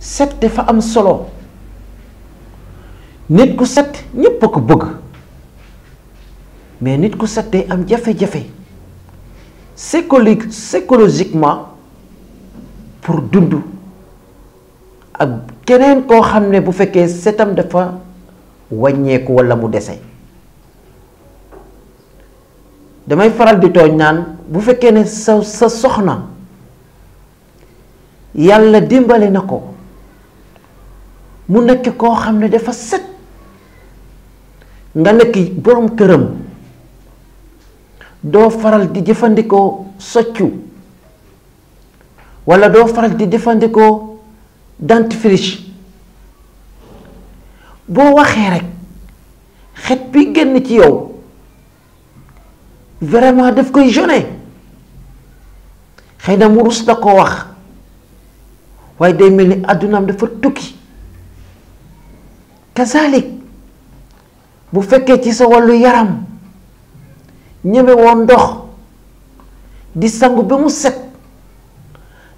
set dafa am solo nit ku set ñépp a ko bëgg mais nit ku set day am jafe-jafe psychologique pour dund ak keneen koo xam ne bu fekkee setam dafa wàññeeku walla mu dese damay faral di tooñ naan bu fekkee ne sa soxna yàlla dimbali na ko mu nekk koo xam ne dafa set nga nekk boroom këram doo faral di jëfandikoo soccu walla doo faral di jëfandikoo dentifrice boo waxee rekk xet bi génn ci yow vraiment daf koy jone xëy na mu rus koo wax waaye day mel ni àddunaam dafa tukki kazalik bu fekkee ci sa wàllu yaram ñeme woo ndox di sangu ba mu set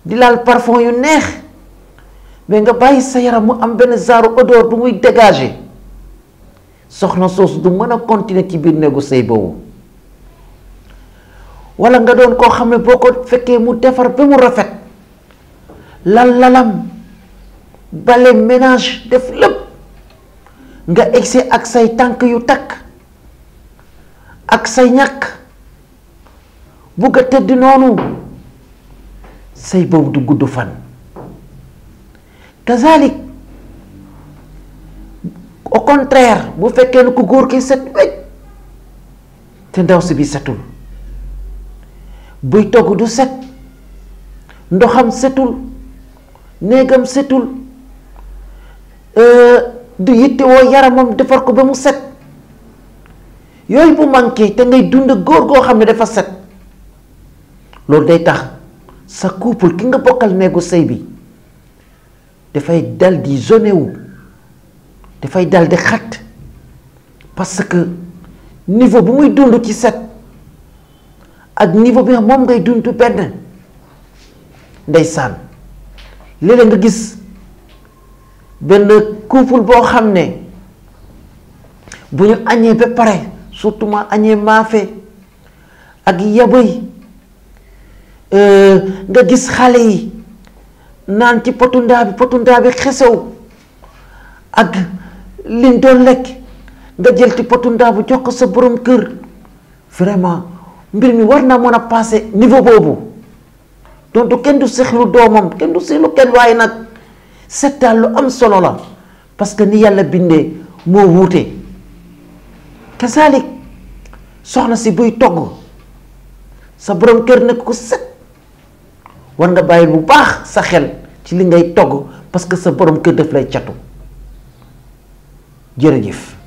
di laal parfum yu neex mais nga bàyyi sa yaram mu am benn genre odeur bu muy dégager soxna soosu du mën a continuer ci biir néegu sëy boobu walla nga doon koo xam ne boo ko fekkee mu defar ba mu rafet lal lalam bale ménage def lépp nga egsi ak say tànk yu takk ak say ñàkk bugg a tëdd noonu say boobu du gudd fan kazalik au contraire bu fekkee ne ku góor ki set wecc te ndaw si bi setul buy togg du set ndoxam setul néegam setul euh, du yittewoo yaramam defar ko ba mu set yooyu bu manqué te ngay dund góor goo xam ne dafa set loolu day tax sa couple ki nga bokkal néegu sëy bi dafay daldi di wu dafay dal di xat parce que niveau bu muy dund ci set ak niveau bi moom ngay dund benn ndeysaan léeg nga gis benn couple boo xam ne bu ñu añee ba pare surtout ma añee maafe ak yabay euh, nga gis xale yi naan ci potundaa bi potundaa bi xesew ak liñ doon lekk nga jël ci potundaa bu jox ko sa boroom kër vraiment mbir mi war naa mën a passé niveau boobu donc kenn du seexlu doomam kenn du seexlu kenn waaye nag settaan lu am solo la parce que ni yàlla bindee moo wuute kasaalik soxna si buy togg sa borom kër nekk ko set war nga bàyyi bu baax sa xel ci li ngay togg parce que sa borom kër daf lay catu jërëjëf